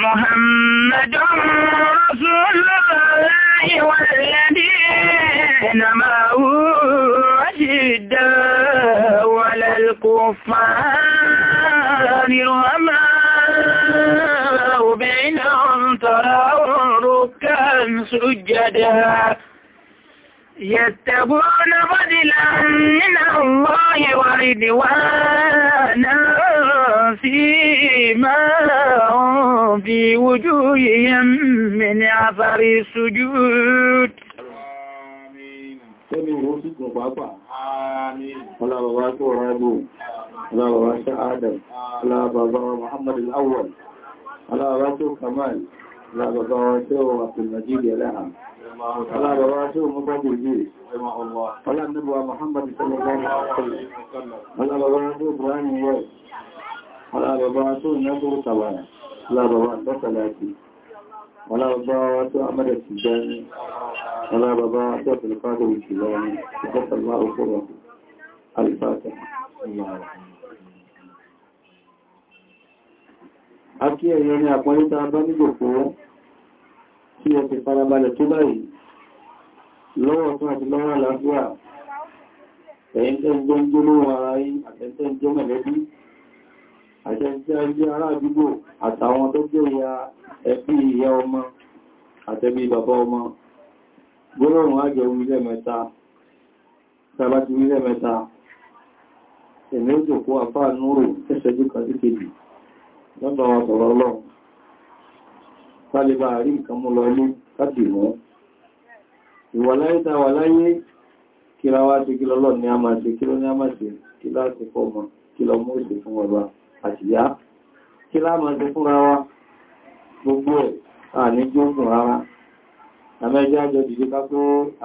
محمد رسول الله والذين معه أشداء ولا الكفار وما بينهم تراهم ركا سجدا يتبعون فضلا من الله ورضوانا سيماهم في وجوههم من عفر السجود Tẹ́mi ìwọ́n sí gùn pàápàá. Ọlábàbá tó ọ̀rọ̀ ẹgbò, ọlábàbá ṣe Adam, ọlábàbá Muhammad al'awwal, ọlábàbá tó Kamal, ọlábàbá tó Abdulmajid Alaha, ọlábàbá tó Mọ́bọ̀bù Yìí, ọlábàbá Muhammad sallallahu alaihi wasallam, ọlábàbá tó wọ́lá bàbá tó ìyàbò tàbàrà wọ́lá bàbá tọ́kàláti wọ́lá bàbá tó àmàdà ti jẹ́ni wọ́lá bàbá tó àtàlùfáàdà ti jẹ́ni ìfẹ́sàlá Akí ẹ̀yẹ ni àpọ́lítà bá nígbò fún tí ẹ ti farabalẹ̀ tó báyìí lọ́wọ́ fún àti lọ́wọ́ àlàáfíà, ẹ̀yìn tẹ́ jẹ́ ń gbé ara yìí àtẹ́tẹ́ jẹ́ mẹ̀lẹ́bí àti ẹgbẹ́ ará àdúgbò àtàwọn tó jẹ́ ìyá ẹbí ìyá ọmọ àtẹbí bàbá ọmọ gbọ́lọ́run á jẹ omílẹ̀ mẹ́ta tàbá ti omílẹ̀ mẹ́ta ẹ̀mí ó jòkó àfá núrò tẹ́ṣẹ́jú kan sí kejì lọ́nà wa sọ̀rọ̀ lọ tálébà rí nǹkan mú lọ ilé láti kí lọ mú ìṣe fún ọba àṣìyá kí láàmà jẹ fúnra wa gbogbo ẹ̀ àní jí ó fún ara àmẹ́já jọ dìde ká tó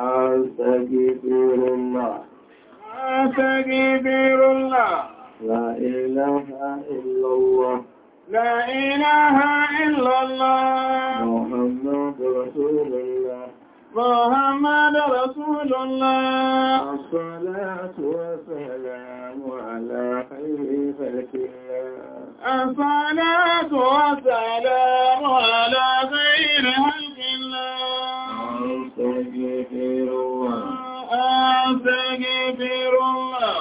àṣẹ́gbẹ̀rẹ̀lá àṣẹ́gbẹ̀rẹ̀lá la ilaha illallah la ilaha illallah muhammadu rasulullah muhammadu rasulullah as-salatu وعلى خير خلق الصلاة والسلام على خير خلق الله أستغفر الله أستغفر الله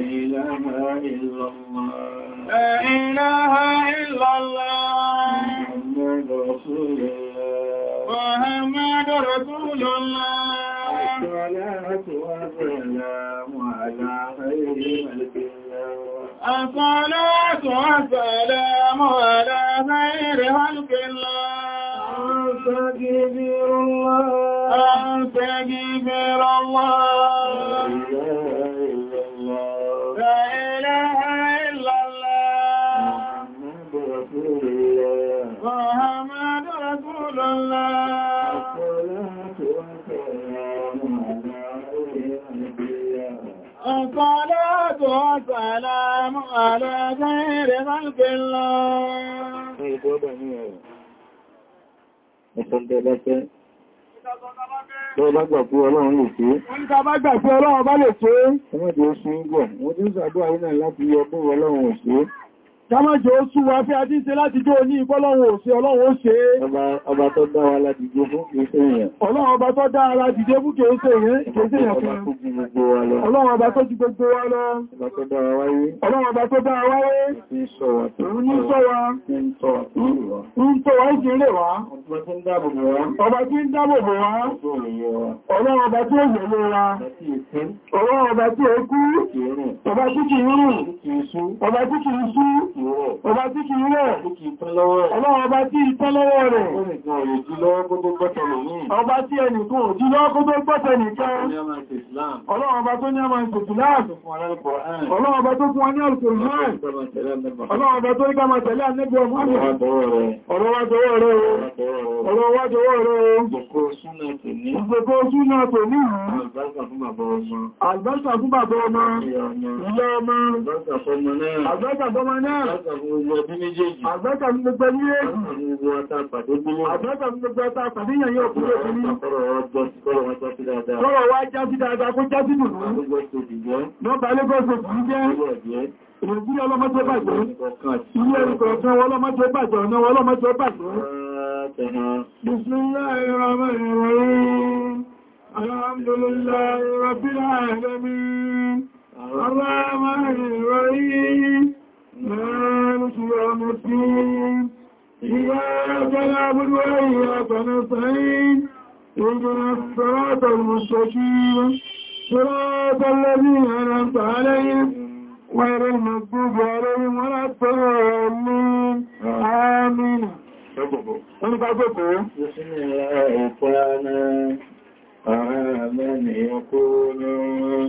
لا إله إلا الله لا إله إلا الله محمد رسول الله محمد رسول الله الصلاة والسلام على خير خلق الله أستغفر الله أستغفر الله لا إله إلا الله محمد رسول الله الصلاة والسلام على خير خلق الله والسلام على خير خلق الله Ìfẹ́ndẹ̀lẹ́fẹ́. Lọ́gbàgbà fún ọlọ́run lè ṣe. Wọ́n ká bá gbà fún ọlọ́run bá lè ṣe. Ọmọdé ó ṣe ń gbọ̀. Wọ́n tí ó ṣàdúwà ní láti ọdún ọlọ́run ò ṣe. Kámájọ ó sú wa fẹ́ àti ṣe láti jó ní ìpọ́lọ́wọ́ òṣè ọlọ́wọ́ òṣè. Ọba tó dá wa ládìjé fún kìí ṣe èèyàn. Ọlọ́run ọba tó dá wa ládìjé fún kìí ṣe èèyàn. Ọlọ́run ọba tó ju gbogbo wa lọ. Ọlọ́run ọba tó dá wa wáyé. Ń sọ wa, ń tọ́ wa, ń jìnlẹ̀ wa. Ọba tí ń dáàbòbò wa. Ọlọ́run ọba tí ó yẹ̀lé wa. Ọlọ́run ọba tí ó kú. Ọba tí kìí rùn. Ọba tí kìí kìí rẹ̀. Ọba tí kìí rẹ̀. Ọlọ́run ọba tí ìtẹ́ lọ́wọ́ rẹ̀. Ọba tí ẹnìkan òjú lọ́wọ́ kó tó gbọ́tẹ̀ nìkan. Ọlọ́run ọba tó ní àmà ìsìnkú láàrín. Ọlọ́run ọba tó fún wa ní àrùsùn náà. Ọlọ́run ọba tó rí ká máa tẹ̀lé ànẹ́bí ọmọ rẹ̀. Ọ̀rọ̀ wá jọwọ́ rẹ̀ o. Ọ̀rọ̀ wá jọwọ́ rẹ̀ o. Ìgbòkó súnà tò ní. Ìgbòkó súnà tò ní. Àlùbáṣà fún bàbá ọmọ. Àlùbáṣà fún bàbá ọmọ. Ilé ọmọ. Àlùbáṣà fọmọ náà. Àgbẹ́ta ní gbogbo ní èjì. Àgbẹ́ta ní gbogbo ọta pàdé yàn yóò kúrò sí ní. Kọ́rọ̀ wá jásí dáadáa kó jásí dùn. Nọ́bà Lẹ́gọ́sì kìí jẹ́. Ìrìnjú ọlọ́mọ́tí ó bàjẹ́. Ilé ẹ̀rùkọ̀ ọ̀tún ọlọ́mọ́tí ó bàjẹ́ ọ̀nà ọlọ́mọ́tí ó bàjẹ́. Bismillahirrahmanirrahim. Alhamdulillahi rabbil alamin. Arrahmanirrahim. مالك يوم الدين إياك نعبد وإياك نستعين اهدنا الصراط المستقيم صراط الذين أنعمت عليهم غير المغضوب عليهم ولا الضالين آمين Wọ́n bá gbogbo ìsinmi ẹ̀kọ́ náà, àwọn àmẹ́ni ẹ̀kọ́ náà.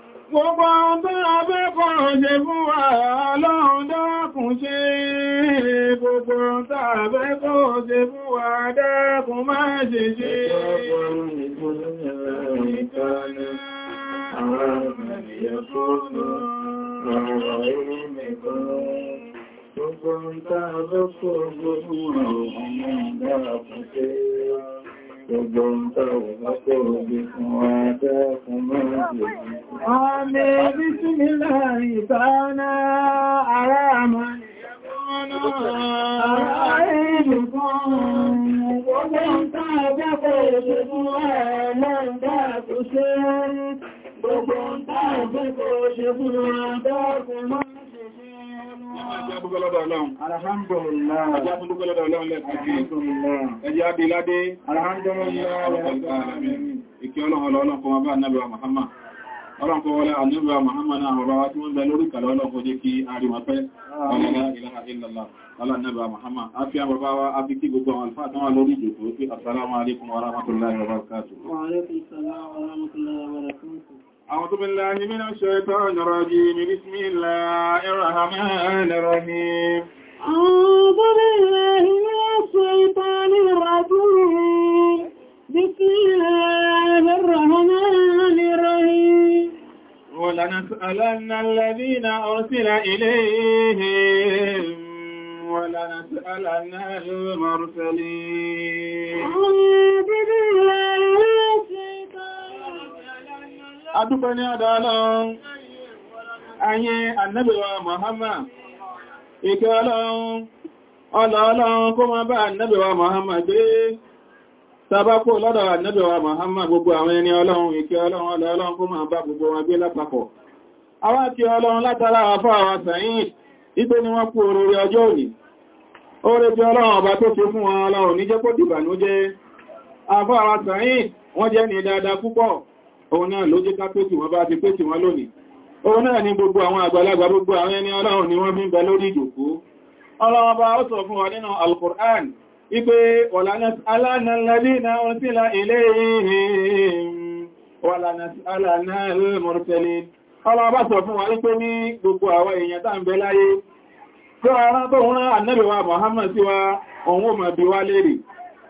Gbogbo ọdún abẹ́kọ̀ ọ̀jẹ̀ fún wa lọ́run dákùn ṣe gbogbo ọdún abẹ́kọ̀ ọ̀jẹ̀ fún wa dákùn máa ṣe ṣe Gbogbo ń tàbí kò gbogbo ọmọ ìdára fún ṣe. Gbogbo ń tọ́rọ bá kọ́rọ̀ wa dákun mọ́rin jù. Àmì bí sí mi láàrin ìbáná ará àmà Ará ìlú wa lọ́rùn bá ṣe fún wa dákun mọ́rin jù. Ọlọ́run kọ́ wọlé àníbà Mùhammad náà ọ̀rọ̀ wá tí wọ́n bẹ lórí kàlọ́ ọlọ́run kò jẹ́ kí a rí wọn pẹ́ ọlọ́lá ìlàhà ìlàlá ọlọ́nàbà Mùhammad. A fi àbàbá wa a fi kí gbogbo àwọn alfáà tán wà lórí ìjòkó pé assalamu alaikum wa rahmatullahi wa barakatuh. Wa alaikum salam wa rahmatullahi wa barakatuh. أعوذ بالله من الشيطان الرجيم بسم الله الرحمن الرحيم أعوذ بالله من الشيطان الرجيم بسم الله الرحمن الرحيم ولنسألن الذين أرسل إليهم ولنسألن المرسلين أعوذ بالله adúpẹ́ ní adáláwọn ayé annabiwa Muhammad ìkẹ́ ọlọ́run ọlọ́ọ̀lọ́run kó máa bá annabiwa Muhammad dé tàbákò lọ́dọ̀ annabiwa Muhammad gbogbo àwọn ẹni ọlọ́run ìkẹ́ ọlọ́run ọlọ́ọ̀lọ́run kó máa bá gbogbo wọn gbé lápapọ̀ awá àwọn sàyìn ìgbé ni wọ́n kú orí ọjọ́ òní orí bí ọlọ́run ọba tó fi fún wọn ọlọ́run ní jẹ́ òun náà ló jẹ́ ká pé tí wọ́n bá ti pé tí wọ́n lónìí òun náà ni gbogbo àwọn àgbàlagbà gbogbo àwọn ẹni ọlọ́run ni wọ́n fi ń bẹ lórí ìjòkó ọlọ́run bá ó sọ fún wa nínú al-Qur'an ipe ọ̀lànà alánàlẹ́lẹ́ Tí ọ̀rán tó ń rán ànẹ́bẹ̀wà Mọ̀hámà sí wa, òun ó mọ̀ bí wá lérè.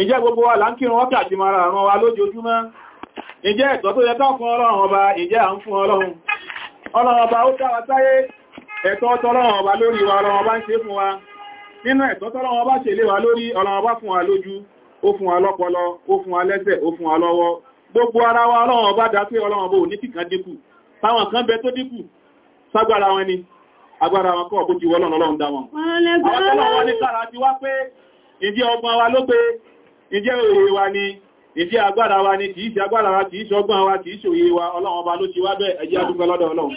ìjẹ́ gbogbo wa láńkírun wákàtí mara àrùn wa lójoojúmọ́ ìjẹ́ ẹ̀tọ́ tó yẹ ká fún ọlọ́run ọba ìjẹ́ à ń fún ọlọ́run ọlọ́run ọba ó dáwà sáyé ẹ̀tọ́ tọ́lọ́run ọba lórí wa ọlọ́run ọba ń ṣe fún wa nínú ẹ̀tọ́ tọ́lọ́run ọba ṣe lé wa lórí ọlọ́run ọba fún wa lójú ó fún wa lọ́pọlọ ó fún wa lẹ́sẹ̀ ó fún wa lọ́wọ́ gbogbo ara wa ọlọ́run ọba dá pé ọlọ́run ọba ò ní kìkan dínkù táwọn kan bẹ tó dínkù ságbára wọn ni agbára wọn kọ́ ọ̀kú ti wọ́lọ́run ọlọ́run dá wọn àwọn tọ́lọ́run wọn ní sára ti wá pé ìdí ọgbọ́n wa ló pé ìjẹ́ òye wa ni ìjẹ́ agbára wa ni kìí ṣe agbára wa kìí ṣe ọgbọ́n wa kìí ṣe òye wa ọlọ́run ọba ló ti wá bẹ́ẹ̀ ẹjẹ́ adúgbẹ́ lọ́dọ̀ ọlọ́run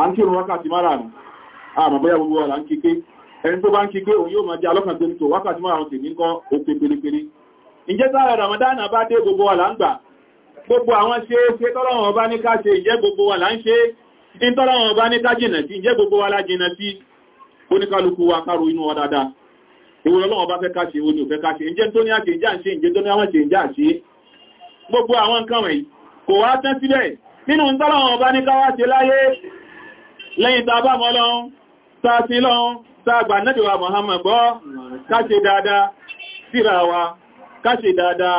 a ń kírun wákàtí márùn-ún àmàbọ́yà gbogbo ọ̀la ẹni tó bá ń òun yóò máa jẹ́ wákàtí márùn-ún kọ́ ìjẹ́ bá dé gbogbo gbogbo àwọn ṣe ṣe tọ́lọ́wọ̀n ọba ní ká ṣe ìjẹ́ gbogbo wa là ń ṣe in tọ́lọ́wọ̀n ọba ní ká jìnà sí ìjẹ́ gbogbo wa la jìnà sí oníkálukú wa kárò inú wa dáadáa ìwòrán ọlọ́wọ̀n ọba fẹ́ ká ṣe ìwò ní òfẹ́ ká ṣe ìjẹ́ tó ní àṣẹ ìjà ṣe ìjẹ́ tó ní àwọn ṣe dáadáa wa ká ṣe dáadáa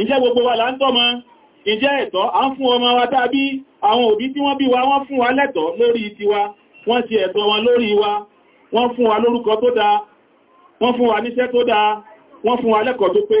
Ǹjẹ́ gbogbo wa là ń tọ́mọ? Ǹjẹ́ ẹ̀tọ́ à ń fún ọmọ wa tàbí àwọn òbí tí wọ́n bí wa wọ́n fún wa lẹ́tọ̀ọ́ lórí tiwa, wọ́n ti ẹ̀tọ́ wọn lórí wa, wọ́n fún wa lórúkọ tó dáa, wọ́n fún wa níṣẹ́ tó dáa, wọ́n fún wa lẹ́kọ̀ọ́ tó pé.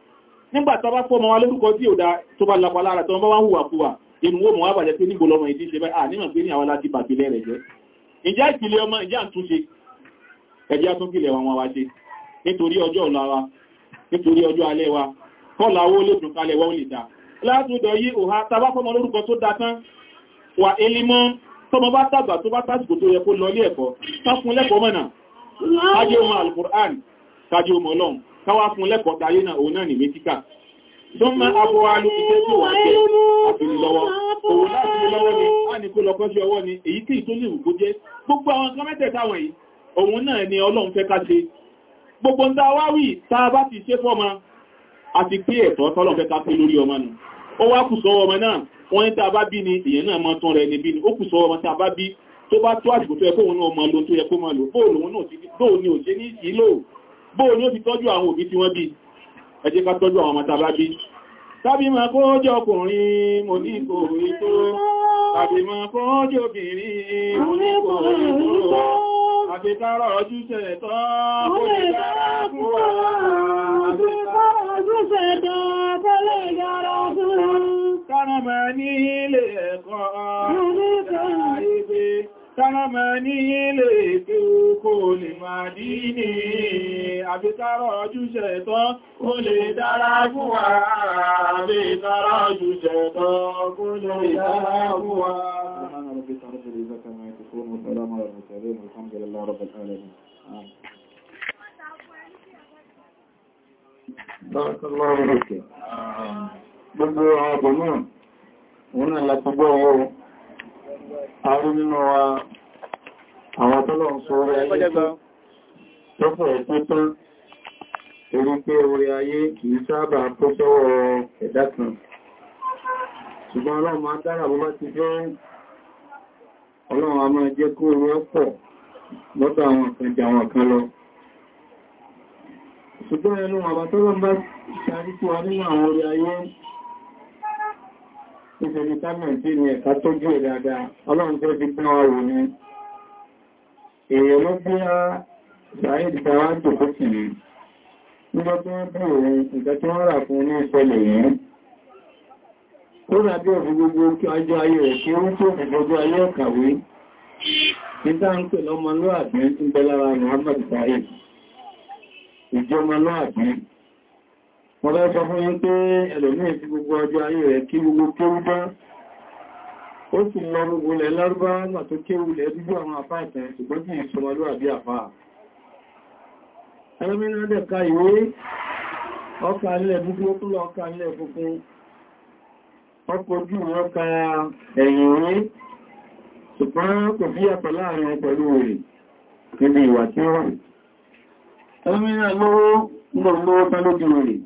nígbà tó bá fọ́ ọmọ wa lórúkọ tí ò dá tó bá lapa lára tó bá ń hùwà fúwà inú ó mọ̀ wá bàjẹ́ pé níbo lọmọ ìdí ṣe bá à nímọ̀ pé ní àwọn láti bàbílẹ̀ rẹ̀ jẹ́ ìjá ìpìlẹ̀ ọmọ ìjá àtúnṣe ẹjẹ́ àtúnkìlẹ̀ wọn wá ṣe nítorí ọjọ́ ọ̀la wa nítorí ọjọ́ alẹ́ wa kọ́lá owó lè dùn kalẹ̀ wọ́n lè dá látúndọ̀ yí òhà tàbá fọ́mọ lórúkọ tó dá tán káwá fún lẹ́kọ̀ọ́ tayé náà òun náà nìwé kíkà tó ń máa abọ́ wa tó wà ni a ní kó lọ́kọ́ sí ọwọ́ ni èyí tí ìtó ni ọlọ́run fẹ́ ká ṣe gbogbo ń dáwá wì tá a bá ti ṣe fọ́mọ àti pé ẹ̀tọ́ tọ́lọ̀ fẹ́ ká pé lórí ọmọ nù ó wá kù sọ́wọ́ ọmọ náà wọ́n ní tá a bá bí ni èèyàn náà mọ́ tán rẹ̀ ni ni ó kù sọ́wọ́ ọmọ tá a bá bí tó bá tó àsìkò tó yẹ kó náà mọ lo tó yẹ kó mọ bóòlù bóò ní ó ti tọ́jú àwọn òbí tí wọ́n bí ẹ jẹ́ ká tọ́jú àwọn mata bá bí tàbí ma kó jẹ́ ọkùnrin mo ní kò rí tó tàbí ma kó jẹ́ obìnrin mo ní kò rí tó àti tààrà ojú sẹ̀tọ́ kó lè dára fún wa àti tààrà ojú sẹ̀tọ́ kó lè dára fún wa Tọ́lọ́mọ ní ilé ètò kò lè máa dí ní àbítárọ̀ ojúṣẹ́ tán, kò lè dára fún wa, àbítárọ̀ ojúṣẹ́ tán, kò lè dára fún wa. Gbogbo àwọn ọ̀pọ̀ náà, wọ́n náà lápọ̀gbọ́ ọwọ́ àrùn nínú wa àwọn tọ́lọ̀ ń sọ orí ayé tọ́pọ̀ ẹ̀kú tán orí pé orí ayé kìí sábà kó sọ́wọ́ ẹ̀dá kan ṣùgbọ́n ọlọ́run máa dára bó bá ti jẹ́ ọlọ́run a máa jẹ́ kó orí ọ̀pọ̀ lọ́dọ̀ àwọn kan àwọn kan lọ ṣùgbọ́n ẹnu àbátọ́lọ́ bá ṣàríkú wa nínú àwọn orí ayé nítorí támẹ̀ntí ni ẹ̀ka tójú ẹ̀ dáadáa ọlọ́run tó fi gbọ́n àwò ni èèyàn ló bí á ṣàìdì dáwà jòkó kì ní nígbà tí wọ́n bí òun ìgbà tí wọ́n rà fún ní ìṣẹ̀lẹ̀ yìí ó dàbí òfin gbogbo kí ọjọ́ ayé rẹ̀ kí ó tó fi gbogbo ayé ọ̀kàwé nígbà ń pè lọ́mọlúwàbí ń bẹ lára Muhammad Sa'id ìjọmọlúwàbí Wọ́n lọ sọ fún yín pé ẹlòmí ìfi gbogbo ọjọ́ ayé rẹ̀ kí gbogbo kéwú bá. Ó sì lọ gbogbo lẹ lárúbá mà tó kéwú lẹ dúdú àwọn àfá ìtẹ̀ ṣùgbọ́n kí ìṣọ́ wà lóàbí àfá. Ẹlòmí náà dẹ̀ ka ìwé, ọkà ilẹ̀ dúdú ó túnlọ ọkà ilẹ̀ funfun. Ọkọ̀ ojú ọkà ẹ̀yìn ìwé, ṣùgbọ́n kò fi yàtọ̀ rẹ̀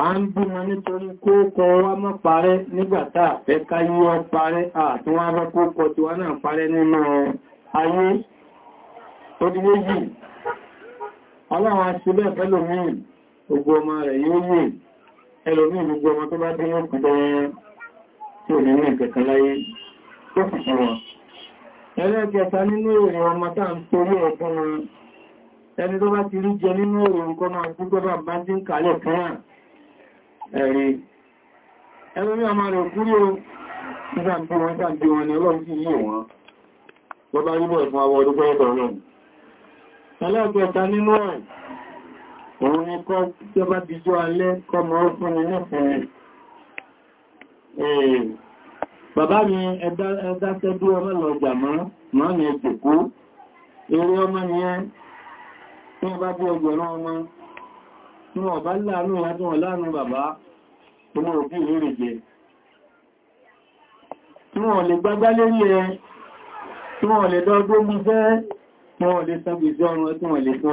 a ń bímọ nítorí kó kọ wá mọ́ parẹ́ nígbàtà àfẹ́ káyí wọ́n parẹ́ àtúnwá bá kó kọ tí wá náà parẹ́ nínú ayé tó dí méjì ọlọ́run aṣílẹ̀ ẹlòmíì gbogbo ọmọ rẹ̀ yóò yìí ẹlòmíì gbogbo ọmọ tó bá dé yóò kùdọ̀ tí ò ní ní ìkẹ̀kẹ́ láyé tó fi sí wọn ẹlẹ́kẹta nínú èrè ẹni tó bá ti rí jẹ nínú èrè nǹkan máa gbogbo bá bá ń dín kálẹ̀ fún ẹ̀rí ẹ̀rọ ní ọmọ rẹ̀ kúrò ìgbàǹdí wọn ìgbàǹdí wọn ni ọlọ́run sí yíò wọn tó bá rí bọ̀ fún àwọ ọdún pẹ́ẹ̀tọ̀ ọlọ́run ẹlẹ́ẹ̀kẹta nínú ẹ̀ òun ni kọ́ tí ó bá ti jọ alẹ́ kọ́ mọ́ fún ni nífẹ̀ẹ́ bàbá mi ẹ̀dáṣẹ́ tí wọ́n bá láàánú àtún ọ̀láàánú bàbá tí wọ́n òbí ìrírì jẹ tí wọ́n lè gbágbá lérí ẹ tí wọ́n lè dọ́gbó gbígbẹ́ tí wọ́n lè sán gbígbẹ́ ọrùn tí wọ́n lè fún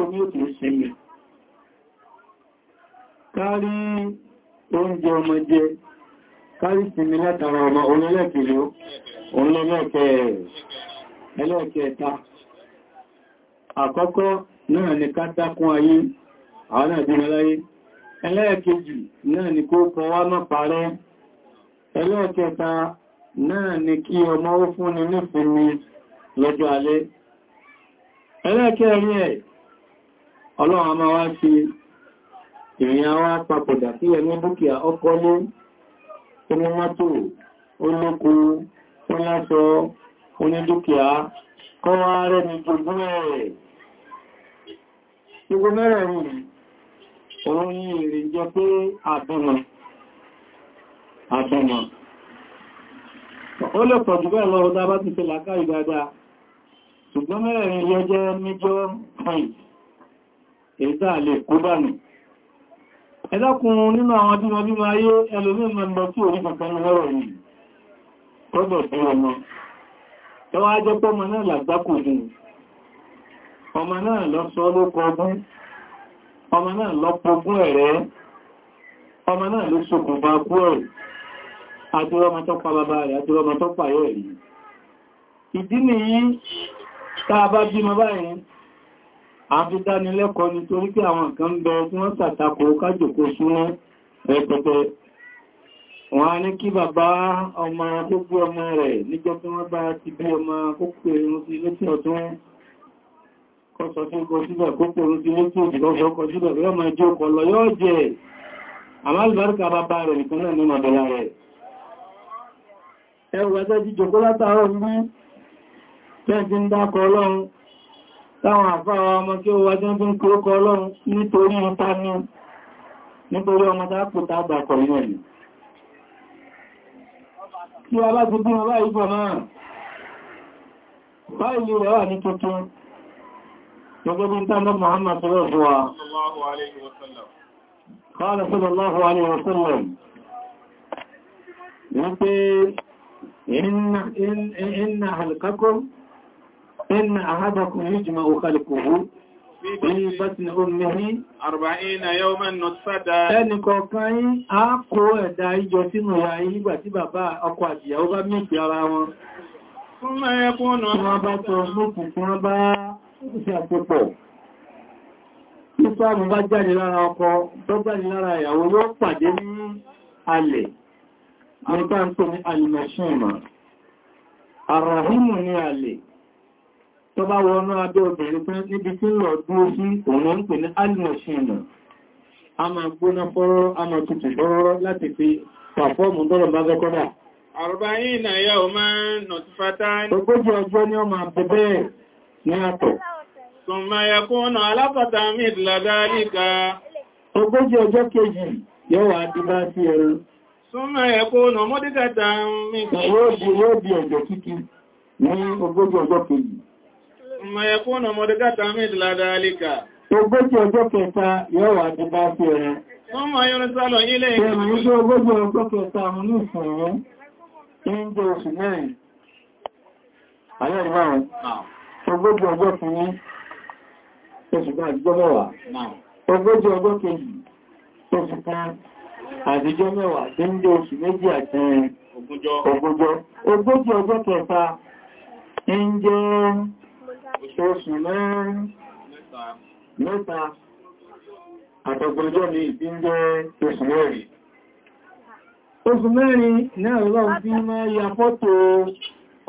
olóògbogbo Kárí oúnjẹ ọmọ jẹ kárí sinmi látara ọmọ onílẹ̀kìlú onílẹ̀kẹta àkọ́kọ́ náà ni ká dákún ayé àwọn àdínà láyé ẹlẹ́ẹ̀kejì náà ni kó kọ wá mọ́ parẹ́ ẹlẹ́ẹ̀kẹta náà ni kí ọmọ ó fún ni nífìnmi lọ́jọ́ alẹ́ ẹlẹ́ẹ̀kẹrin ẹ̀ ọlọ́run a máa wá sí ìrìn àwọn apapọ̀dà sí ẹni dúkìá ọkọ́ lórí onímọ́tò olóko onílọ́sọ onídúkìá kọ́ wá rẹ̀ ní jogún ẹ̀rẹ̀ gbogbo mẹ́rẹ̀ rùn òun yí èrè jẹ́ pé àbímọ̀ àbímọ̀ ó lè pọ̀ jù bẹ́ẹ̀ lọ ọdá bá ti fẹ́ làkà ìdáadáa ṣùgbọ́n mẹ́rẹ̀ rẹ̀ yẹ jẹ́ major point èdè àlè kúbánù ẹ̀dàkùn nínú àwọn bímọ bímọ ayé ẹlòmín mẹ́lọ tí orí kankan lọ́rọ̀ yìí tọ́bọ̀ sí ọmọ ẹwà jẹ́ pé ọmọ náà làgbákò dùn ọmọ náà lọ sọ lókọ ọgbọ́n ọmọ náà lọ pọ̀gún ẹ̀rẹ́ ọmọ náà ló ṣokùnfà kú ẹ̀rù àdúrọmọ tó pa bàbá rẹ̀ àdúrọmọ tó pàyẹ̀ rí ìdí nìyí tá a bá bímọ báyìí àfidánilẹ́kọ̀ọ́ nítorí pé àwọn kan bẹ tí wọ́n sàtakò kájòkó súnmọ́ rẹpẹtẹ wọ́n á ní kí bàbá ọmọ gbogbo ọmọ rẹ̀ níjọ́ tí wọ́n bá ti bí ọmọ kókò irun sí létí ọdún kọsọ tí ó kọ síbẹ̀ kókò irun sí létí òjìlọ́fẹ́ ọkọ̀ síbẹ̀ yọ́ máa jíjọ kó látàárọ̀ mú táwọn àfáà ọmọ tí ó wájọ́ bí ń kúrókọ ọlọ́run nítorí ọta ní nítorí ọmọ dápò tágbà kọ̀ inú ẹ̀lú tí a bá ti bí wọn báyìí bọ̀ náà báyìí rẹ̀ wà ní tuntun gẹ́gẹ́ bí tánà Muhammad sọ́rọ̀ fún inna ahadakum yujma'u khalquhu Ní bọ́tìnà omi àrùbáyínà yóò mẹ́ nọ̀tífàdà. Ẹni kọ̀ọ̀kan yí, a kó ẹ̀dà ìjọ sínú ya yí nígbà tí bàbá ọkọ àjìyàwó bá mẹ́kì ara wọn. Fún mẹ́rẹ́ kúnnà. Wọ́n bá tọ́ mọ́kù fún wọ́n bá ṣe àpòpọ̀. Ìfàmù bá jáde lára ọkọ, tó jáde lára ìyàwó yóò pàdé ní alẹ̀. Àrùbá ń pè ní alìmọ̀ṣùn tó bá wọnú abẹ́ obìnrin pé níbi tí lọ dúró sí òun ń pè ní alìmọ̀ṣìnà a ma gbóná fọ́rọ́rọ́ a ma tutù fọ́rọ́rọ́ láti fi pàfọ́ọ̀mù tọ́rọ̀ bá gọ́kọ́dà Àrùbáyìnà yà ó máa ń ti fátá ní. Ogójì ọjọ́ ni ó máa bẹ̀bẹ̀ ní mìí lọ́dá líka. ọjọ́ kejì ní ogójì ọjọ́ kejì. Mọ̀yẹ̀kúnnà mọ̀dígátà mìí ládáálíkà. Ogójì ọjọ́ kẹta yóò wà ní bá fi ẹ̀rẹ́. Wọ́n mọ̀ yóò sálọ ilé ìgbẹ̀rẹ̀. Ẹ̀rùn ní ogójì ọjọ́ kẹta mú ní ìfẹ̀ ẹ̀rẹ́. Ẹ̀ndẹ̀ oṣù mẹ́rin. Àyẹ́ ìrọ̀rùn. Ogójì ọjọ́ kìíní, oṣù bá àdíjọ́ mẹ́wàá. Ogójì ọjọ́ kejì, oṣù méjì àti ogójọ́. Ogójì ọjọ́ kẹta, ẹ̀ndẹ̀ ìṣẹ́ṣù mẹ́rin mẹ́ta àtọ̀gbọ̀njọ́ ni ìbí ń jẹ́ oṣù mẹ́rin oṣù mẹ́rin náà lọ́wọ́ bí máa ya fọ́tò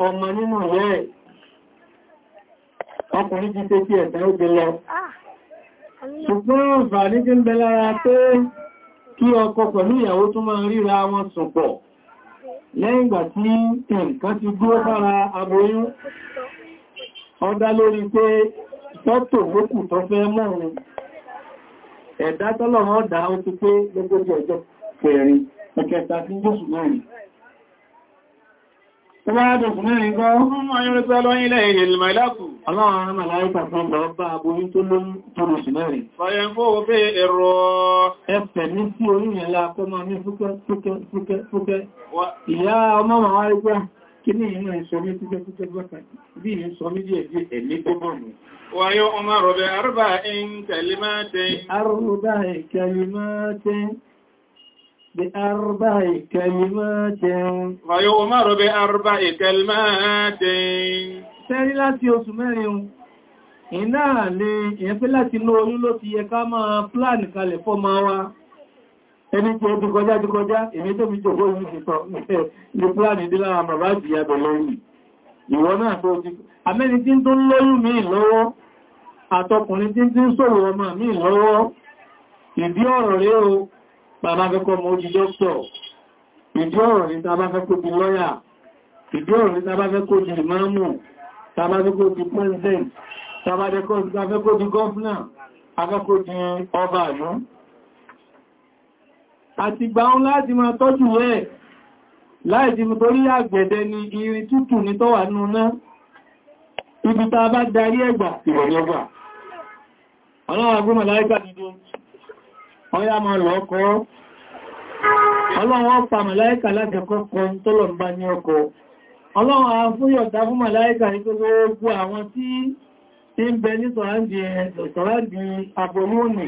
ọmọ nínú rẹ̀ ọkùnrin ti tẹ́kí ẹ̀sẹ̀ ó gbé lọ ṣùgbọ́n bà ní jẹ́ ń bẹ lára pé kí ọkọ pẹ̀lú ìyàwó tó máa ríra wọn sùpọ̀ lẹ́yìn ìgbà tí nǹkan ti gbó sára aboyún wọ́n dá lórí pé tọ́tò lókù tó fẹ́ mọ́rin ẹ̀dá tọ́lọ̀ wọ́n dá ó ti pé lógójì ọjọ́ kẹrin ẹ̀kẹta tí ń gbóṣù mẹ́rin tó bá dọ̀sù mẹ́rin gọ́ ọmọ ayọ́rẹ́sọ́ lọ́yìn ilẹ̀ ìlmọ̀láàkù ọlọ́run màláìkà fún ọba aboyún tó ló ń tọrọ Kíní inú ìṣọ́ mi tí jẹ́ títẹ́ gbọ́ta bí i sọ mí díẹ̀ díẹ̀ ẹ̀mí tó bọ̀ mú. Wàyọ́ ọmọ rọ̀bẹ̀ arúbà in kẹlímátẹ́. Arúbà ìkẹlímátẹ́. بأربع كلمات ويؤمر بأربع كلمات Sẹ́rí láti oṣù mẹ́rin ìnáà ni ìyẹn pé láti inú oyún ló ti yẹ ká máa pláàni kalẹ̀ fọ́ máa wá ẹni tí ó ti kọjá ti kọjá èmi tó fi jòkó yìí ti sọ ní pláàni dí lára bàbá ìjì yàtọ̀ lórí ìwọ náà tó ti amẹ́ni tí tó ń lóyún mí lọ́wọ́ àtọkùnrin tí tí ń sọ̀rọ̀ ọmọ mí lọ́wọ́ ìdí ọ̀rọ̀ rẹ̀ o bàbá fẹ́kọ́ mọ́ ojú dókítọ̀ ìdí ọ̀rọ̀ ní tàbá fẹ́kọ́ di lọ́yà ìdí ọ̀rọ̀ ní tàbá fẹ́kọ́ di ìmáàmù tàbá fẹ́kọ́ di president tàbá fẹ́kọ́ di gọ́fúnà afẹ́kọ́ di ọba àdún àti gbáhùn láti máa tọ́jú rẹ̀ láì ti torí àgbẹ̀dẹ ni irin tútù ní tó wà nù náà ibi ta bá darí ẹgbà ìrọ̀lọ́gbà ọlọ́run agbóhùn màláíkà dídó ọya máa lọ ọkọ̀ ọlọ́run pa màláíkà lágẹ̀kọ́ a fún yọ̀ta fún màláíkà ní tó gbogbo àwọn tí ń bẹ ní sọ̀rọ̀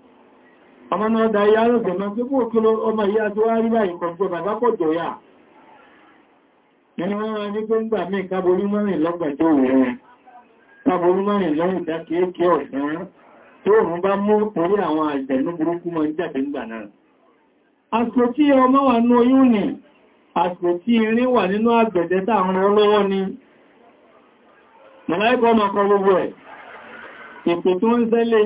ọmọ náà da ya lọ́gbẹ̀ máa pé fún òkúrò ọmọ ìyá tó wá rí báyìí kọjọ bàbá pọ̀jọ yà nínú wọn ní pé ń gbà mí káborí mọ́rin lọ́gbàjọ́ òun káborí mọ́rin lọ́rùn dákẹ́ẹ́kẹ́ ọ̀sán tó òun bá mú orí àwọn àjẹ̀nú burúkú mọ́ jáde ńgbà náà àsìkò tí ọmọ wà nú oyún ni àsìkò tí irin wà nínú àgbẹ̀dẹ́ táwọn ọlọ́wọ́ ni mọ̀láìkọ́ ọmọ ìpè tó ń ṣẹlẹ̀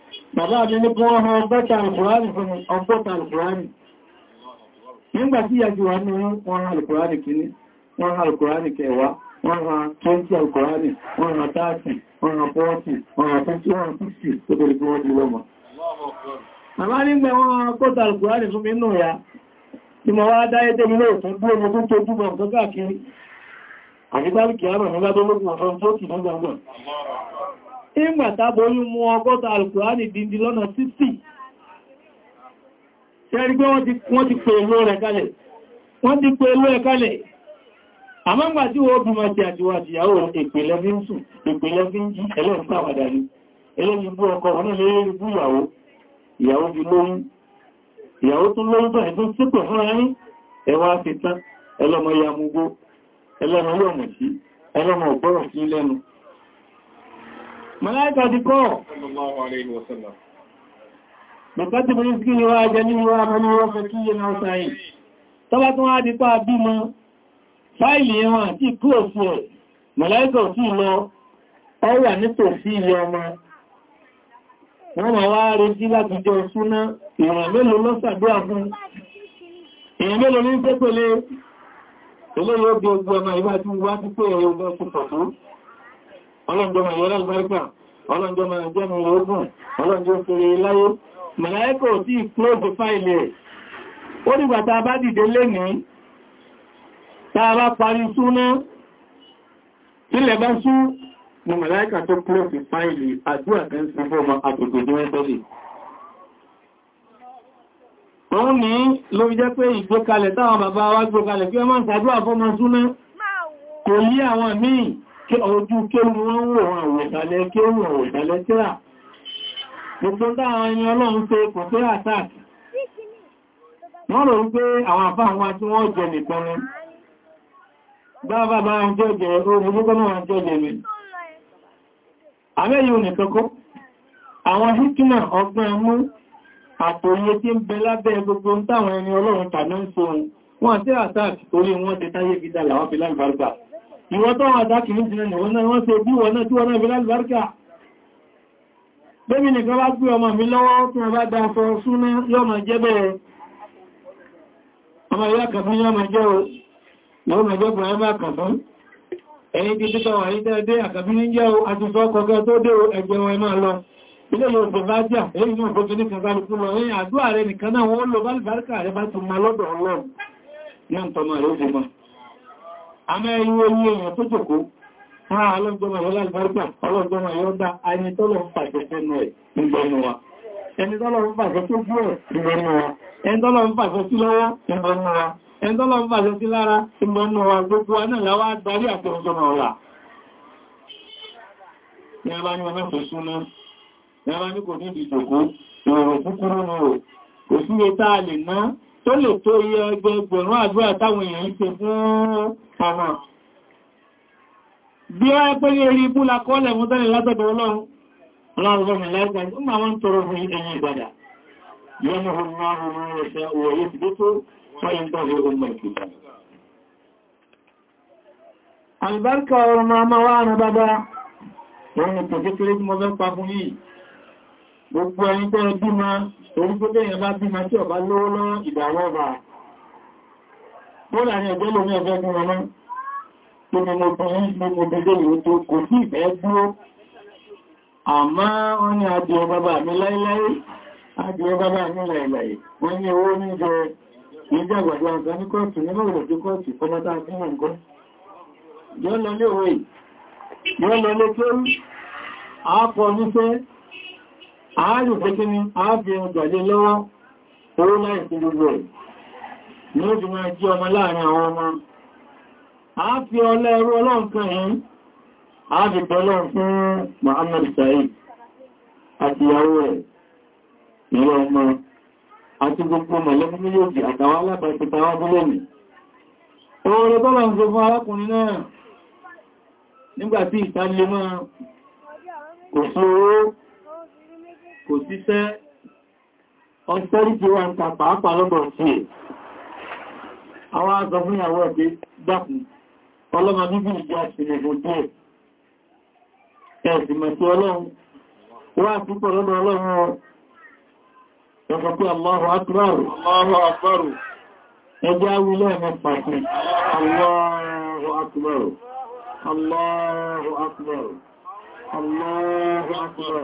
bàbá àti ní kí wọ́n hàn ọgbọ́ta alkùránì fún ọgbọ́ta alkùránì nígbà tí yàjú wà ní wọ́n hàn alkùránì kìíní wọ́n hàn alkùránì kẹwàá wọ́n hàn 20 alkùránì wọ́n hàn 30 wọ́n hàn 40 wọ́n hàn 50 wọ́n hàn 60 tó bẹ̀rẹ̀ kí wọ́n di lọ́mọ àmá nígbà wọn ọgbọ́ta alkùránì fún mi tí mo wá dáyé tẹ́mi lóòtún bí omi tó tó túbọ̀ nǹkan káàkiri àti tábìkì àmọ̀ nígbà tó tó kì ní gbàngbọ̀n ìgbàtàbóyún mú ọgọ́ta alùkùránì dìndì lọ́nà 60 ṣẹ́rí pé wọ́n ti pè ló rẹ̀ kalẹ̀ wọ́n ti pè ló rẹ̀ kalẹ̀ àmọ́gbà tí wọ́n bí máa ti àjíwá àjíyàwó ìpìlẹ̀ fi ń sùn ìpìlẹ̀ fi ń jí ẹlẹ́rin pàwàdà Màláìkà di kọ́. Bàbá ti bẹ̀rẹ̀ sí ni wá jẹ nínú wá mọ́ ní wọ́n fẹ́ kí yẹ náà sáyé. Tọ́bá tún wá dípá bí mọ́, fáìlì ẹwà tí kúrò sí ẹ̀, màláìkà ò tí lọ, ọ wà nítòsí ilé ọmọ. Wọ́n máa wá retí láti jọ súná, ìràn mélòó ọlọ́njọ́mọ̀ ìwọ́lá ìgbẹ́gbà ọlọ́njọ́mọ̀ ìjọ́mọ̀ ìrọ̀gbọ̀n ọlọ́njọ́ fèrè láyé mẹ̀láẹ́kọ̀ tí close file ó dìgbà tá bá dìde lẹ́ni tá bá parí súná ilẹ̀ bá sú ni mẹ̀láẹ́kà tó close file àdúrà kan sí fọ́mọ àtòkòdó ẹ́sọ́lì wọ́n ní ló jẹ́ pé ìgbókalẹ̀ táwọn bàbá wa gbókalẹ̀ kí wọ́n máa ṣàdúrà fọ́mọ súná kò lé àwọn míì kí ojú kéwù wọ́n wò àwọn ìdálẹ́ kéwù àwọn ìdálẹ́ tíra gbogbo dáwọn ẹni ọlọ́run pé kò pé àtàkì wọ́n rò wípé àwọn àbá àwọn àti wọ́n jẹ nìkan rẹ̀ bàbá bá ń jẹ́jẹ́ oòrùn gbogbo náà ń jẹ́jẹ́ mi àwẹ́yìn onìkankọ́ àwọn hikima ọgbọ́n mú àtòyẹ tí ń bẹ lábẹ́ gbogbo táwọn ẹni ọlọ́run tàbí ń so wọn tí àtàkì orí wọn ti táyé gídà làwọn fi lágbàrgbà ìwọ́n tó wà dákì ní ìsinmi wọn náà wọ́n ṣe bí wọn náà tí wọ́n náà bí lálùbáríkà bébí nìkan bá gbé ọmọ mi lọ́wọ́ tí wọ́n bá dáa fọ́ súnná yọ́mọ̀ jẹ́ bẹ́ẹ̀ ọmọ ìyá kàfún yọ́mọ̀ jẹ́ o yọ́mọ̀ jẹ́ bọ̀ ẹgbẹ́ kàfún ẹ̀yìn ti títọ́ wà ní tẹ́ẹ̀dẹ́ àkàbí ní jẹ́ o àtúnfọ́ kọ̀ọ̀kẹ́ tó dé o ẹgbẹ́ wọn máa lọ ilé yóò gbẹ̀ àmẹ́rin orí èèyàn tó jòkó máa ọlọ́gbọ́mọ̀ ọlọ́gbọ́mọ̀ ọlọ́gbọ́mọ̀ yọ́dá ẹni tọ́lọ ń pàṣẹ fẹ́nu ẹ̀ ìgbẹ̀nu wa ẹni tọ́lọ ń pàṣẹ tó jú ẹ̀ ìgbẹ̀nu wa ẹni tọ́lọ ń pàṣẹ sí lọ́wọ́ ìgbẹ̀nu wa ẹni tọ́lọ ń pàṣẹ sí lára ìgbẹ̀nu wa gbogbo wa náà láwá darí àtọ́jọ́mọ̀ ọ̀la ní ẹbá ní ọmọ ìṣúná ní ẹbá ní kò ní ìdìjòkó ìrọ̀rọ̀ kúkúrú ni ò kò sí etá lè ná tó lè tó iye ẹgbẹgbẹ̀rún àdúrà táwọn èèyàn ṣe fún ọmọ bí a pẹ́ ní eré ibú lakọ́lẹ̀ mú tẹ́lẹ̀ látọ̀dọ̀ ọlọ́run aláàrùn láìpẹ́ ní ma ń tọrọ fún ẹ̀yìn ìgbàdà Àlùbáríkà ọ̀rọ̀ máa máa wá àrùn bàbá wọn ni pẹ̀kẹ́kẹ́rẹ́ tí mo fẹ́ torí tó bẹ́yẹn bá bí máa tí ọ̀bá lówó lọ́wọ́ ìdàwọ́ ọba bọ́lá ní ẹgbẹ́ lórí ẹgbẹ́ gún ọmọ tó ní mo bí ní mo dédé ìwé tó kò sí ìfẹ́ dúró àmá wọ́n ní adìẹ bàbá mi láíláí adìẹ bàbá mi láíláí wọ́n ní owó ní jẹ ìjẹ́ àgbàdo àgbà ní kọ́ọ̀tù ní mọ̀rọ̀ tó kọ́ọ̀tù kọ́mọ́tà fún ọ̀gọ́ yọ́ lọ lé òwe yọ́ lọ lé ààrùn pẹ́kẹ́ ní ààfihàn gbàdé lọ́wọ́ owó láìsí gbogbo ẹ̀ ní ó fi máa jí ọmọ láàrin àwọn ọmọ ààfi ọlá ẹrú ọlọ́run kan yìí ààfi pẹ̀lọ́run fún Muhammad Said àti ìyàwó ẹ̀ ìlú ọmọ àti gbogbo mọ̀lẹ́bí méjèèjì àtàwọn alábàáṣepọ̀ àwọn kò síṣẹ́ ọ̀tọ́ríkì wà ń ta pàápàá lọ́gbọ̀n sí ẹ̀ àwọn azọ fún ìyàwó ẹ̀dẹ́ dákùn ọlọ́mà níbi ìjọ àṣìlẹ̀ fún díẹ̀ ẹ̀sìmọ̀ sí ọlọ́run wá púpọ̀ lọ́dọ̀ ọlọ́run ẹ̀sọ̀ pé Allahu Akbar Allahu Akbar ẹjẹ́ Allahu Akbar Allahu Akbar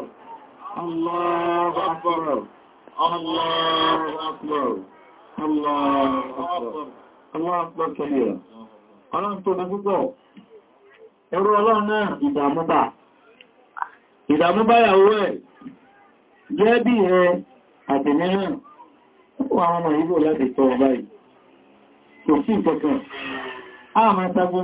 Allah akbar, Allah akbar, Allah akbar, Allah akbar. كبيرا ọlọ́run tó gbogbo ẹrù ọlọ́run náà ìdàmúbà ìdàmúbà yàwó ẹ̀ jẹ́ bí ẹ àtìmẹ́rẹ̀ púpọ̀ àwọn ọmọ ìgbò láti tọ́ ọba yìí kò sí ìkọ̀kọ̀ àmà ta àwọn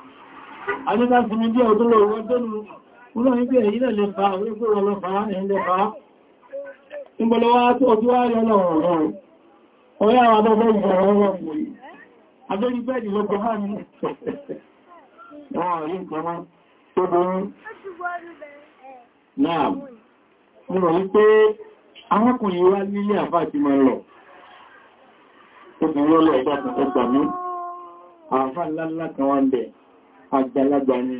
àníká sí ní díẹ̀ ọdún lọ́wọ́ ọdún lọ́wọ́ ní pé èyí náà lè fa orí pé wọ́n lọ fa ẹ̀yìn lè fa ìgbọ̀lọ́wọ́ tó ọdún wá rí ọlọ́rọ̀ ọ̀rọ̀ ọ̀yá àwọn abọ́bọ́ ìgbọ̀rọ̀ ọ̀rọ̀ mọ̀rí abẹ́rí bẹ́ẹ̀dì lọ́gbọ̀ hàn ní ọ̀rí ìgbọ̀mọ́ tó bọ́rún náà mo rọ̀ wípé arákùnrin wá nílé àfá àti máa obìnrin ọlọ́ ìgbà tó gbà mú àfá ńlá ńlá kan wá ń bẹ̀ẹ́ àgbàlagbà ni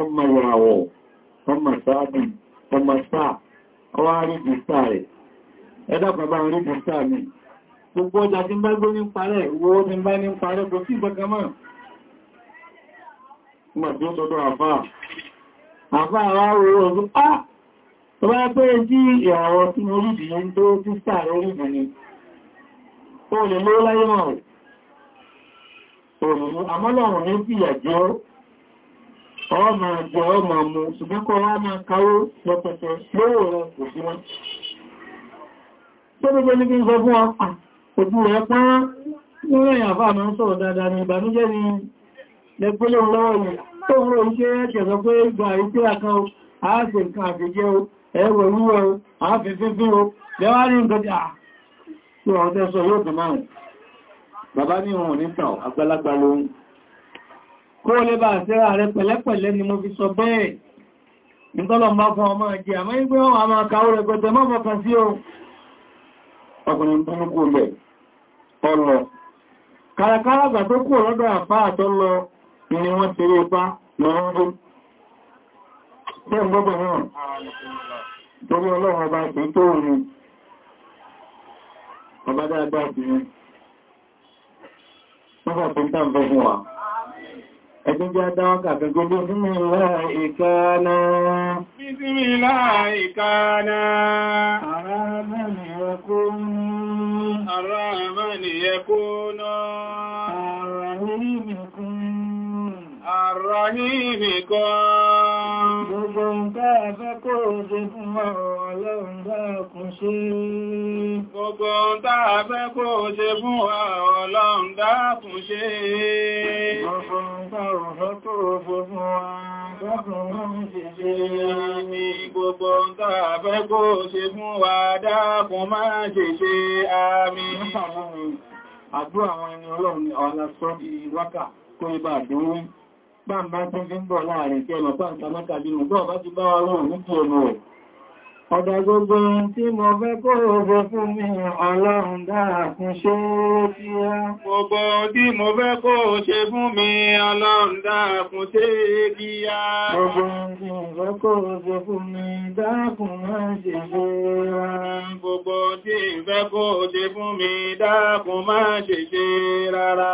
ọmọ ìràwọ̀ ọmọ sáàbì ọmọ sáà ọwá rí bìsà rẹ̀ ẹ̀dàkùn bá rí bìsà mi gbogbo ọjà tí bá gbó ní parẹ́ ìwọ ní bá ní parẹ́ kò sí ìgbàgbàmọ́ Ìgbà tí ó tọ́tọ́ àfáà, àfáà wá wo ọdún, ah! tó òrùn amọ́lọ́run ní fìyà jẹ́ ọmọ jẹ ọmọ mú ṣùgbọ́n kọ́ wá máa káwó lọ́pẹ̀tẹ̀ lówó kò sí wọn tó gbogbo ní kí n sọ fún ọpàá òjú rẹ̀ pán ní ìbànújẹ́ ni ń o bàbá ní ọ̀rùn nítàn àgbàlagbà lóhun kó lè bá àṣírà rẹ pẹ̀lẹ́pẹ̀lẹ́ ni mo fi sọ bẹ́ẹ̀ nítọ́lọ̀ bá fún ọmọ ẹ̀jẹ́ àmọ́ ìgbé wọn àmà kàó rẹ̀ gbẹ̀tẹ̀ mọ́ mọ́kàn sí o ọkùnrin burúkú rẹ̀ ọlọ kàràkàrà gbà tó kúrò lọ́dọ̀ àpá àtọ́lọ ni wọ́n ti rí ipá lọ́rọ́rún tó ń gbọ́gbọ̀ náà torí ọlọ́run ọba ìpín tó rùn ọba dáadáa mọ́fà tó ń tàn fẹ́ fún wa ẹgbẹ́ jẹ́ dáwọ́kà gẹ́gẹ́ bí bísmìláà ìkáná bísmìláà ìkáná àrámẹ́ni ẹkúnú àrámẹ́ni ẹkúnú àrámẹ́ni Ar-Rahim kan. Gbogbo nǹkan ẹ̀fẹ́ kó ṣe fún ọlọ́run dákun ṣe. Gbogbo nǹkan ẹ̀fẹ́ kó ṣe fún ọlọ́run dákun ṣe. Gbogbo Àdúrà àwọn ẹni ọlọ́run ọ̀lá sọ́ bí kó ibà dúró bá ń bá tó fi ń bọ̀ láàrin tí ọmọ pàá ìtàmọ́ta bí ọgbọ́ bá ti bá ọlọ́run ní kí ọmọ rẹ̀ ọ̀dà gbogbo tí mo fẹ́ kó ogun fún mi ọlọ́run dákun ṣe tí á gbogbo tí mo fẹ́ kó ṣe fún mi ọlọ́run dákun ṣe bí á gbogbo tí mo fẹ́ kó ogun fún mi dákun máa ṣe ṣe ra gbogbo tí mo fẹ́ kó ṣe fún mi dákun máa ṣe ṣe rárá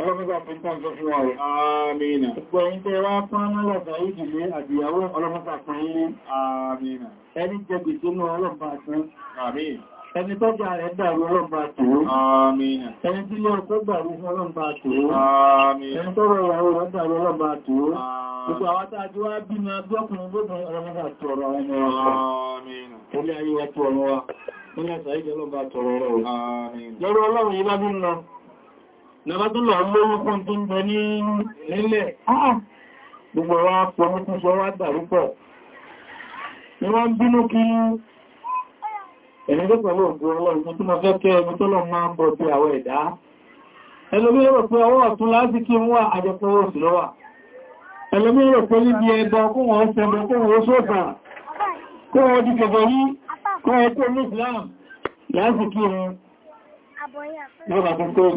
Ọlọ́mọdé àpẹẹkọ́ ọjọ́ fún wọn rẹ̀. Àmìnà. Gbẹ̀yìn tẹ́ wá pán mọ́lọ̀fà ìdílé àdìyàwó ọlọ́mọdé àpẹẹlé. Àmìnà. Ẹni jẹ́ gbèsè mọ́ ọlọ́mọdé àpẹẹlé. Àmìnà. Ẹni tọ́jà rẹ̀ dàrú ọlọ́mbà tòó. Àmìnà. Ẹni tí lọ tó dàrú fún ọlọ́mbà tòó. Àmìnà. Ẹni tọ́rọ ìyàwó rẹ̀ dàrú ọlọ́mbà tòó. Gbogbo àwọn tàájú wá bí na blọ́kùnrin gbogbo ọlọ́mbà tọrọ ọmọ wa. Àmìnà. Olé lọ́bátúnlọ̀ lórúkún tó ń bẹ ní nílẹ̀ ah. gbogbo wa pọ̀mùkún sọ wá dàrúpọ̀ ni wọ́n ń bínú kí ẹni tó pẹ̀lú ògùn ọlọ́run tó mọ́ fẹ́ kẹ́ ẹni tó lọ máa ń bọ̀ bí àwọ ẹ̀dá ẹlòmí rò pé ọwọ́ ọ̀tún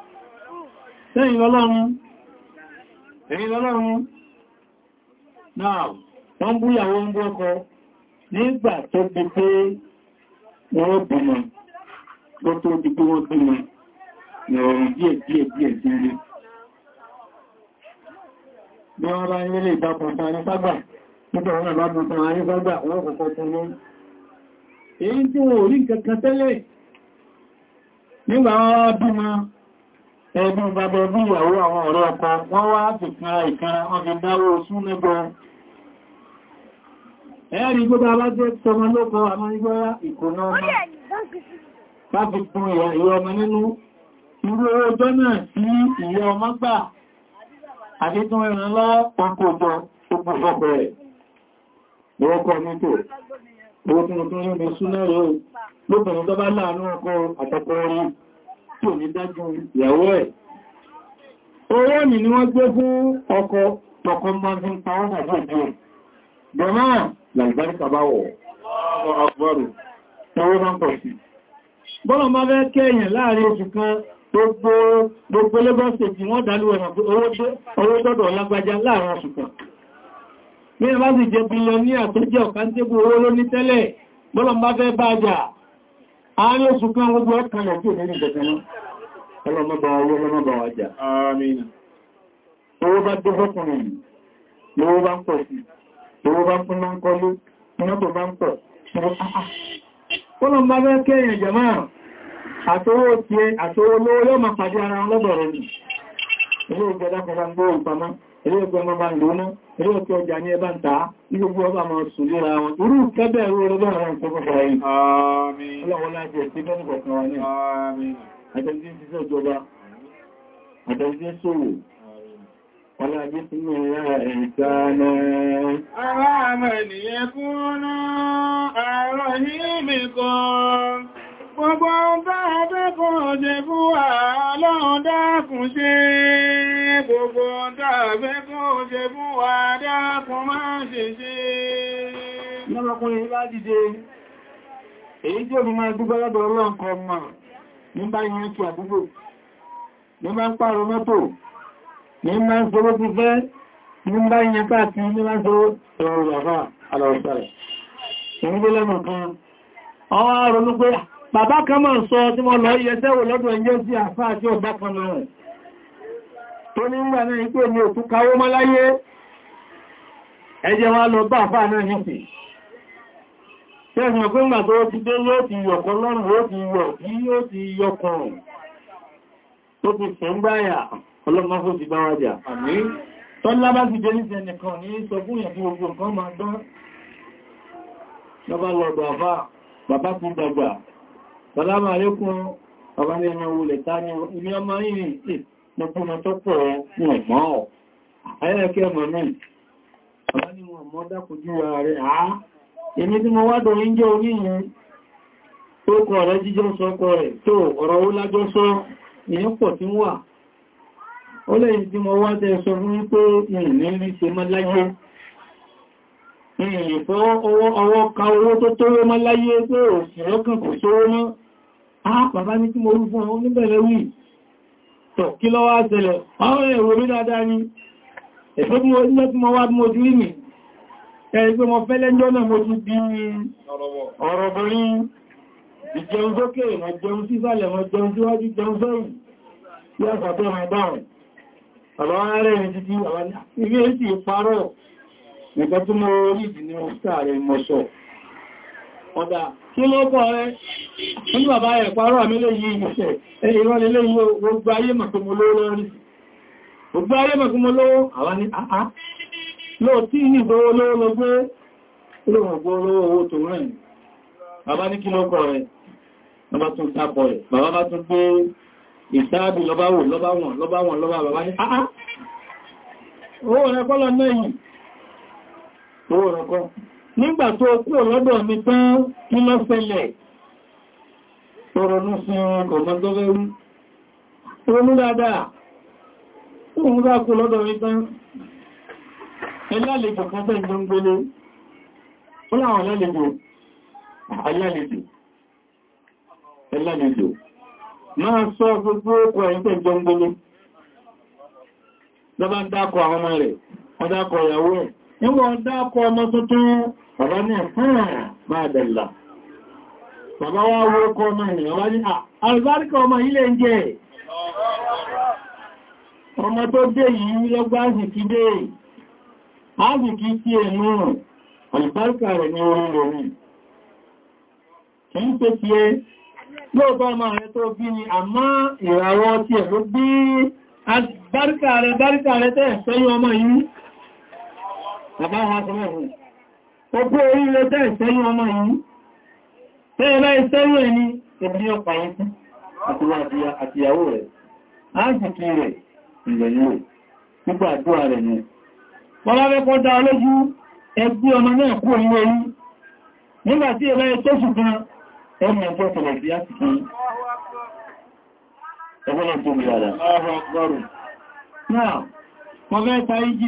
Sẹ́yìn lọ́lọ́run, ẹ̀yìn lọ́lọ́run, náà wọ́n bú ìyàwó ń bú ọkọ nígbà tó bí pé wọ́n bímọ, ló tó bí pé wọ́n bímọ, ìrọ̀rùn díẹ̀ díẹ̀ díẹ̀ sí ilé. Bí wọ́n bá nílé ìbápọ̀ta ní ságbà, nígbà wọ́n bá bọ̀ tán ní ságbà, wọ́n kọ̀kọ́ tún lọ. Èyí tí wọ́n ò rí nǹkan kan tẹ́lẹ̀ nígbà wọ́n bímọ ẹbí bàbá ẹbí ìyàwó àwọn ọ̀rẹ́ ọkọ wọ́n wá fìkanra ìkanra wọ́n fi dáwó oṣù lẹ́gbọ́ ẹ̀rí gbogbo alájẹ́ tọmọ lókọ àmọ́ ìgbọ́ra ìkùnà ọmọ láti fún ìyá ọmọ nínú irú owó ọjọ́ náà bá tí ò ní dájú ìyàwó ẹ̀. Owó ni ni wọ́n gbé fún ọkọ tọkàn máa fi ń pa wọ́n àjọ ìjọ. Bọ̀má làgbáríkà bá wọ̀ ọgbọ̀rù tọwọ́ máa ń pọ̀ sí. Bọ́lọ̀ máa fẹ́ kẹ́yìn láàrin oṣù kan gbogbo Lagos State wọ́n dálú ẹ̀ràn owó dọ́dọ̀ lágbájá láàrin oṣù kan. Ní ẹ̀bá sì jẹ bílíọ̀níà tó jẹ́ ọ̀kántébù owó ló ní tẹ́lẹ̀, bọ́lọ̀ máa fẹ́ bá jà àárín oṣù kan gbogbo ọkànlẹ̀ tí ò ní ìjẹ̀kẹ̀mọ́ ọlọ́mọba owó ọlọ́mọba wájà owó bá dé fọ́kùnrin lówó bá ń pọ̀ sí lówó bá fún náà kọlu mọ́tò bá ń pọ̀ ọlọ́mọba bẹ́ kẹ́yìn jẹ̀mọ́ àtọwọ́ tiẹ̀ àtọwọ́ lówó yọ́ ilé òkú ọmọ bá ń lò mọ́ ilé òkú ọjà ní ẹbá ń ta ní gbogbo ọba ma sùn lé ra wọn irú kẹ́bẹ̀ ẹ̀rọ rẹ̀ bẹ́ẹ̀ rán fún ọ̀rọ̀ yìí ọlọ́wọ́n láti ẹ̀ tí bẹ́ẹ̀ kọ̀ọ̀kan wà ní àtẹ́jú ṣiṣẹ́ ìjọba àtẹ́jú ṣòwò ọlọ́jú sí ní fún àlọ́ dákùn gbogbo dáàbẹ́ kó ṣe fún wa dákun máa ṣe ṣe. Lọ́mọkùnrin bá dìde, èyí tí òbí máa gbúgbọ́ lọ́dọ̀ ọlọ́run kọ mọ̀ ní bá yẹn tí àdúgbò, ní bá ń pààrọ̀ mọ́tò, ní bá ń sọ́wọ́ ti fẹ́, ní bá yẹn káàkiri ní bá sọ́wọ́ ẹ̀rọ ìyàfà alọ́ọ̀sẹ̀rẹ̀. Ìrúgbé lẹ́nu kan, ọwọ́ àrùn pé bàbá kan máa ń sọ tí wọ́n lọ yẹ sẹ́wò lọ́dọ̀ ẹ̀yẹ́ sí àfáà tí ọ̀dá kan náà tó ní ìgbà náà ipé ní òtún káwó mọ́ láyé ẹjẹ́ wá lọ bá àfáà náà nìsì tí ẹ̀sùn ọgbẹ́ ìgbà tó ti dé yóò ti yọ̀kọ́ lọ́rùn yóò ti yọ̀ bí yóò ti yọkùnrùn tó ti fẹ́ gbáyà ọlọ́mọ́fó ti bá wájà tọ́lá bá ti dé níṣẹ́ nìkan ní sọ fún ìyàn fún gbogbo nǹkan máa dán lọ́bá lọ́dọ̀ àfá bàbá ti dàgbà sàlámà alékún bàbá ní ẹmọ wulẹ̀ tá ní ilé ọmọ yìí mo kú mo tó pọ̀ wọn mọ́ ọ̀ ayẹ́kẹ́ ọmọ náà ọ̀lá ni wọn mọ́ dákojú ààrẹ àá èmi tí mo wádọ̀ oúnjẹ oníyàn tó kọ rẹ̀ jíjọ sọ kọ rẹ̀ tó ọ̀rọ̀ ó lájọ́ sọ ìyẹn pọ̀ tí wà ó lẹ́yìn tí mo wádẹ̀ sọ fún pé ìrìn ní ṣe mọ́ láyé ìrìn fọ́ ọwọ́ ka owó tó tó rẹ́ mọ́ láyé pé òṣìrọ́kàn kò sówó náà á bàbá ní tí mo rú fún ọ níbẹ̀rẹ̀ wíì tọ̀ kí lọ wá ṣẹlẹ̀ àwọn èrò mi dáadáa ni ẹ̀fẹ́ mú ọjọ́ tí mo wá mú ojú rí mi ẹ̀rí pé mo fẹ́ lẹ́jọ́ náà mo tún bí ọ̀rọ̀ borí ìjẹun sókè mọ̀ jẹun a sàtọ́ ọmọ dáun àwọn arẹ́ rẹ̀ títí àwọn ilé ìsì parọ́ nìkan tó mọ́ orí ìdí ọ̀dà kí ló bọ́ rẹ̀ ní bàbá rẹ̀ parọ́ àmìlẹ̀ yìí ìṣẹ̀ ìrọ̀lẹ̀lẹ̀ yìí gbogbo ayé màkúnmọ́lówó lọ́rí gbogbo ni àá lọ tí ní ìgbówó lówó lọ gbé olóògbó olówó owó tó rẹ̀ bàbá ní kí ló kọ̀ rẹ̀ bàbá tún sápọ̀ rẹ̀ bàbá bá tún gbé ìsáàbì lọ́bá wò lọ́bá wọn lọ́bá wọn lọ́bá bàbá ní àá owó rẹ̀ kọ́ lọ náà yìí owó rẹ̀ nígbà tó kú ọlọ́dọ̀ mi tán kí ló ṣẹlẹ̀ ọ̀rọ̀nú sí ọmọdọ́gẹ́rú ronú dáadáa òun bá kú lọ́dọ̀ mi tán ẹlálejò kan tẹ́ ìjọ ń gbélé ó láwọn ẹlálejò ayálejò ẹlálejò máa sọ gbogbo ọkọ̀ ẹ̀yìn tẹ́ ìjọ ń gbélé lọ́bá ń dákọ̀ àwọn ọmọ rẹ̀ wọ́n dákọ̀ ìyàwó ẹ̀ níwọ̀n dákọ̀ ọmọ tuntun bàbá ní ẹ̀fẹ́rẹ̀ máa dẹ̀lá bàbá wá wó kọ́ ọmọ ènìyàn wá ní àlùbáríkà ọmọ ilé ń jẹ́ ọmọ tó dé yìí lọ́gbà áṣìkí dé áṣìkí tí ẹ̀nù àlùbáríkà rẹ̀ ní orí lórí kìí pé tí ẹ lóòtọ́ ọmọ rẹ̀ tó bí ni àmọ́ ìràwọ̀ tí ẹ̀ ló bí àlùbáríkà rẹ̀ báríkà rẹ̀ tẹ́ ẹ̀fẹ́ yọ ọmọ yìí bàbá wọn sọ mẹ́rin Gbogbo orí ló tẹ́ ìṣẹ́yìn ọmọ yìí. Tẹ́ ẹ̀bá ìṣẹ́yìn ẹ̀ ní ìbí ọpa yìí fún àtìyàwó rẹ̀. A ń jìkì rẹ̀ ìrẹ̀lú rẹ̀. Gbogbo àdúrà rẹ̀ ni. Wọ́n bá fẹ́ kọ́ dá olójú ẹgbí ọmọ náà kú òun orí. Nígbà tí ẹ̀bá ìṣẹ́ṣù kan, ẹ̀mù ẹjọ́ tẹ̀lẹ̀ sí àtìkì. Ẹgbẹ́ náà tó mi rárá. Náà, wọ́n fẹ́ ta ìjì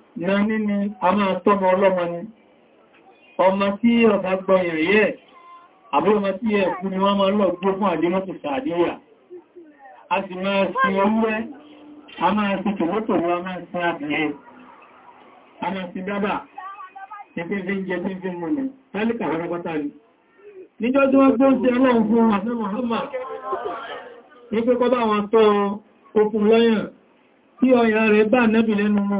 na nínú a máa tọ́mọ ọlọ́mọ ni ọmọ tí ọ̀bá gbọ́ ìrìn ẹ̀ àbúrọmọ tí ẹ̀kú ni wọ́n máa lọ gbó fún àdínmọ́tò sàádíyà a ti máa si ewúrẹ́ a máa sin tòmọ́tò ni a máa sin adìyẹ a máa sin dábà ni wọ́n gbó sí ọlọ́run fún tí bá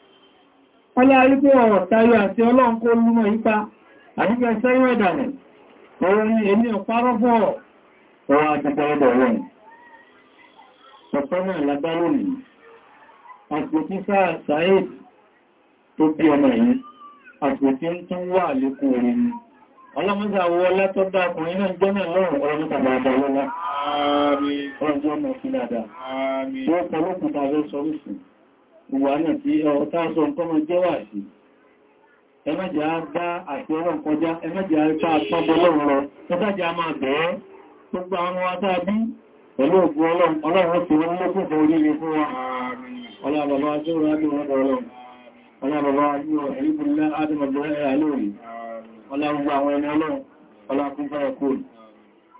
ọlárí pé ọ̀rọ̀ tayọ àti ọlọ́run kó lúmọ̀ yípa àyíkẹ́ sẹ́yìn ẹ̀dànà ọ̀rọ̀ ni èmi ọ̀párọ́ fọ́ ọ̀rọ̀ àjẹta ẹ̀dọ̀ rẹ̀ ọ̀pọ̀nà lágbárò ní àpòtí sáà Saheed tó bí ọmọ yìí àpòtí ń tún wà lékò orin ni ọlọ́mọ́sà wọ látọ́ dákùnrin náà jọ́nà lọ́rùn ọ̀rọ̀ mẹ́ta dáadáa lọ́lá ọ̀rọ̀ jọ́nà sí dáadáa wà náà tí ọ̀rọ̀ táàsọ nǹkan mọ́ jẹ́ wà sí ẹmẹ́jẹ̀ á bá àti ọ̀rọ̀ kọjá ẹmẹ́jẹ̀ á ká àpapọ̀ lọ́rùn lọ ẹgbẹ́jẹ̀ á máa bẹ̀ẹ́ gbogbo àwọn adábí pẹ̀lú ògùn ọlọ́run ọlọ́run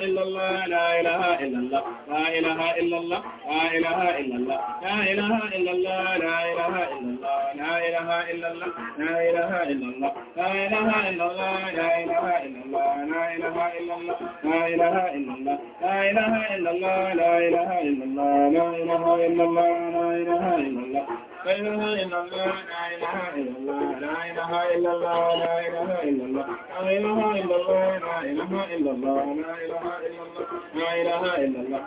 إلا الله لا إله إلا الله لا إله إلا الله لا إله إلا الله لا إله إلا الله لا إله إلا الله لا إله إلا الله لا إله إلا الله لا إله إلا الله لا إله إلا الله لا إله إلا الله لا إله إلا الله لا إله إلا الله لا إله إلا الله لا إله إلا الله لا إله إلا الله لا إله إلا الله لا إله إلا الله لا إله إلا الله لا إله إلا الله لا إله إلا الله لا إله إلا الله لا إله إلا الله لا إله إلا الله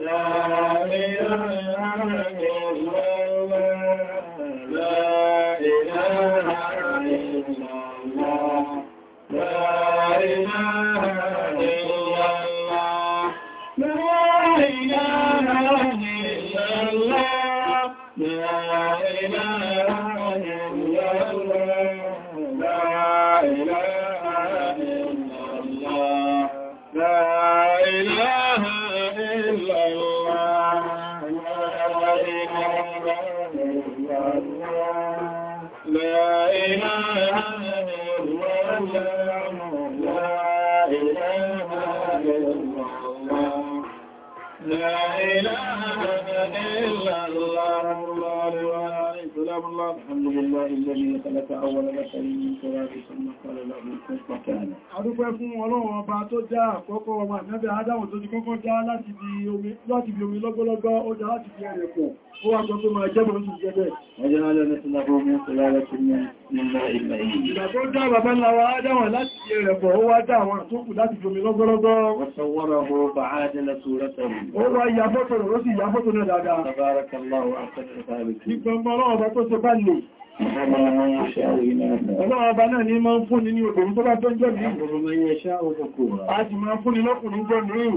La ilaha لا إله إلا الله الله سلام الله الحمد لله الذي خلق أول بشر من تراب ثم قال له كن فكان Adúpẹ́ fún Ọlọ́run ọba tó dá àkọ́kọ́ ọmọ ànábẹ̀ Ádámù tó ti kọ́kọ́ dá láti bí omi lọ́gbọ́lọ́gbọ́ ó dá láti bí ẹ̀rẹ̀kùn ó wá jọ pé máa jẹ́ mọ́ sí jẹ́ bẹ́ẹ̀. Ọjọ́ alẹ́ ní Ìgbà tó dá bàbá lára ádáwọn láti ṣe rẹ̀ bọ̀, ó wá dá àwọn àtúnkù láti jomi lọ́gọ́lọ́gọ́. Wọ́sànwọ́rọ̀ bọ̀ àádẹ́lẹ̀ tó rẹ̀tọ̀. Ó wá ìyàfọ́tò rẹ̀ ó sì Ọlọ́ọba náà ni máa fún ni ní obìnrin tó bá tó jẹ́ bí a ti máa fún ni lọ́kùnrin jọ mìíràn.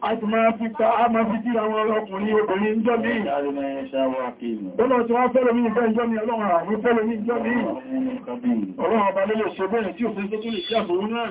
A ti máa fi ta a máa fi jíra wọn lọ́kùnrin obìnrin jọ mìíràn. Ọlọ́ọ̀ tí wá fẹ́lẹ̀ mí ìfẹ́ ìjọ́ mi ọlọ́run àwọn fẹ́lẹ̀ mí ìjọ́ mìíràn. Ọlọ́ọba ló lè ṣe bẹ́ẹ̀ tí òfin tó tó lè ṣe àbòrún náà.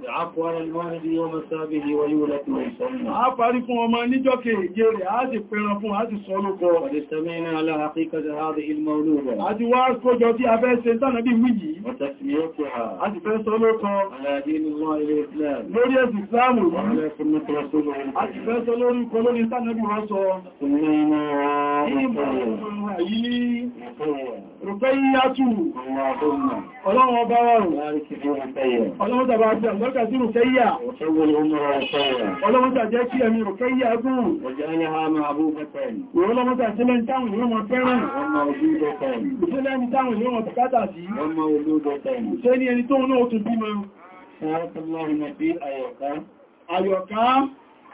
Àpọ̀wọ́n ìwọ́n ní ọmọ sábìlì wọ́n yóò lẹ́kùn ìṣọ́nà. A parí fún ọmọ níjọ́ kèèjé rẹ̀, a ti pẹran fún, a ti sọ lókọ. Ọ̀dẹ̀sẹ̀mẹ́rin aláhàkíkàtà ààrẹ ilmọ̀ olóòrọ̀. A ti wá Ọlọ́run ọba wà rùn. Ọlọ́run tàbí àti àgbẹ́ وجعل رقية ولم تجاكي من رقية أبو وجعلها معبوبة ولم تجلن تعمل يوم وكرا وموجودة وجلن تعمل يوم وتكاتاتي وموجودة وجلن يتونه تبيما سارة الله نبي أيوكا أيوكا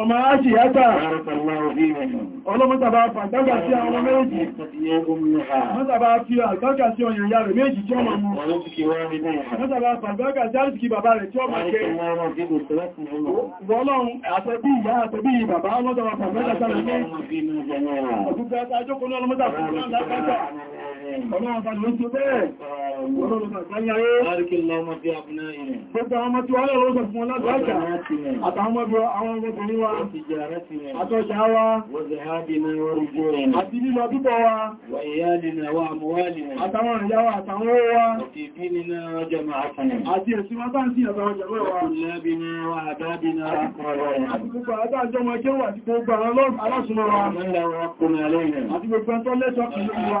ọmọ áṣì yátà ọlọ́mọ́tàbá fàgbàgbà sí àwọn ọmọ méjì mọ́tàbá fi àgbàgbà sí ọyàn ìyá rẹ̀ méjì tí ó máa mú mọ́tàbá fàgbàgbà sí àrísìkí bàbá rẹ̀ tí ó máa jẹ́ ìwọ́lọ́run àtẹ́bí ìyá àtẹ́bí bàbá ọlọ́tàbá fàgbàgbà Ọlọ́run bá ló ṣe bẹ́ẹ̀. Ọlọ́run bá sáyé ayé. Láríkí lọ́mọ bí abúná ìrìn. Gbogbo àwọn ọmọ tí wọ́n lọ́rọ̀ sọ fún ọlọ́gbàájà. Àtàwọn bí àwọn ọmọkùnrin wa. Àtọ́ṣà wa. Àti lílọ bíbọ̀ wa. Àtàwọn ìyá wa àtàwọn owó wa. Àti ẹ̀sìn wa bá ń sí àtàwọn ìjọba wà àti gbogbo wa. Àti gbogbo ẹ̀tọ́ lẹ́tọ́ kìí wa.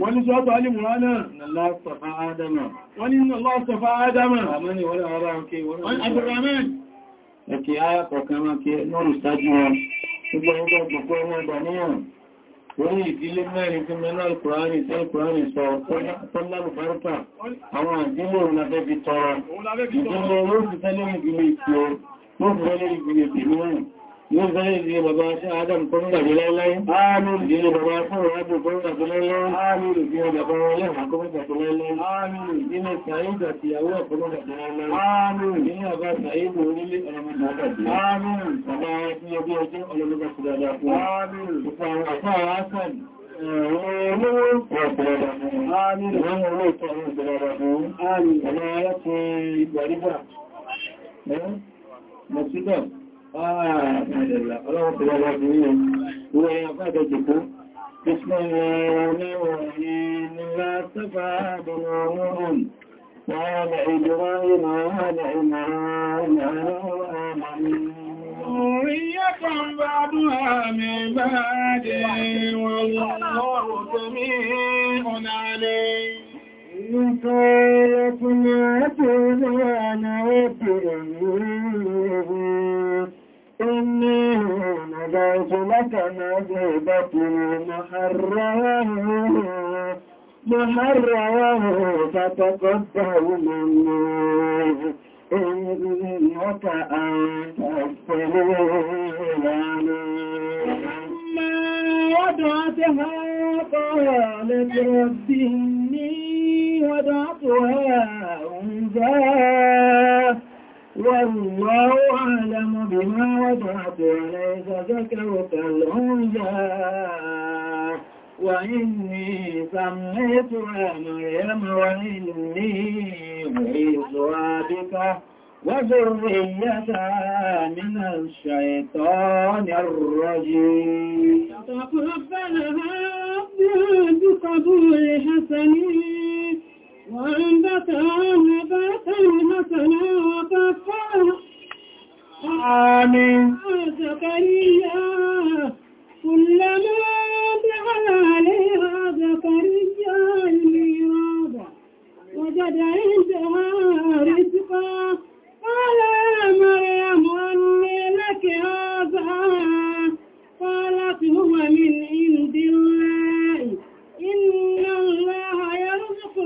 wọ́n ní sọ́tọ̀ alìmùránà wọ́n ní lọ́sọ̀fà adama ẹ̀kì ayá kọ̀ọ̀kan wọn kí lọ́rù ìsájú wọn gbogbo ẹgbẹ́ gbogbo ọmọ ìdàníyàn orí ìdílé mẹ́rin tí mẹ́nà alkùránì tí alkùránì sọ tọ́lálùbárúkà àwọn àdílé òun tọrọ ìdílé olóòfin Nígbàrí ìdí bàbá sí Adam tó ń gbàdé láíláí, ààrùn ìdí bàbá fún ìwádìí tó ń gbàdé láíláí, ààrùn ìdí bàbá wọn lẹ́hà tó ń gbàdé láíláí, ààrùn ìdí ní Sàíd àti ìyàwó ọ̀pọ̀ gbàdé láíláí, ààrùn ìdí ní bàbá Sàíd orílẹ̀ ọlọ́mọdé àgbàdé, ààrùn bàbá tí ọjọ́ ọjọ́ ọlọ́mọdé àgbàdé, ààrùn ìfà Ọlọ́run pẹ̀lú ọlọ́run ní ìwé afẹ́gẹ̀ jùkú. Bísmọ̀ ìrìn ìrìn nílá sẹ́fà àdínà ọlọ́run. وعلى إبراهيم وعلى إمعان ذرية بعضها من بعد والله سميع عليم إن قالت ما تزال وفرني لنا جيبتنا محرره محرره فتقبل منا إنك أنت السلام ما وضعتها قالت ربي إني وضعتها أنزاه والله أعلم بما وضعت وليس ذكرك الأنجى وإني سميتها مريم وإني أعيذها بك وذريتها من الشيطان الرجيم تقبلها بقبول حسنين وأنبتها نباتا مثلا وكفا آمين زكريا كلما دعا عليها زكريا الميراد وجد عندها رزقا قال يا مريم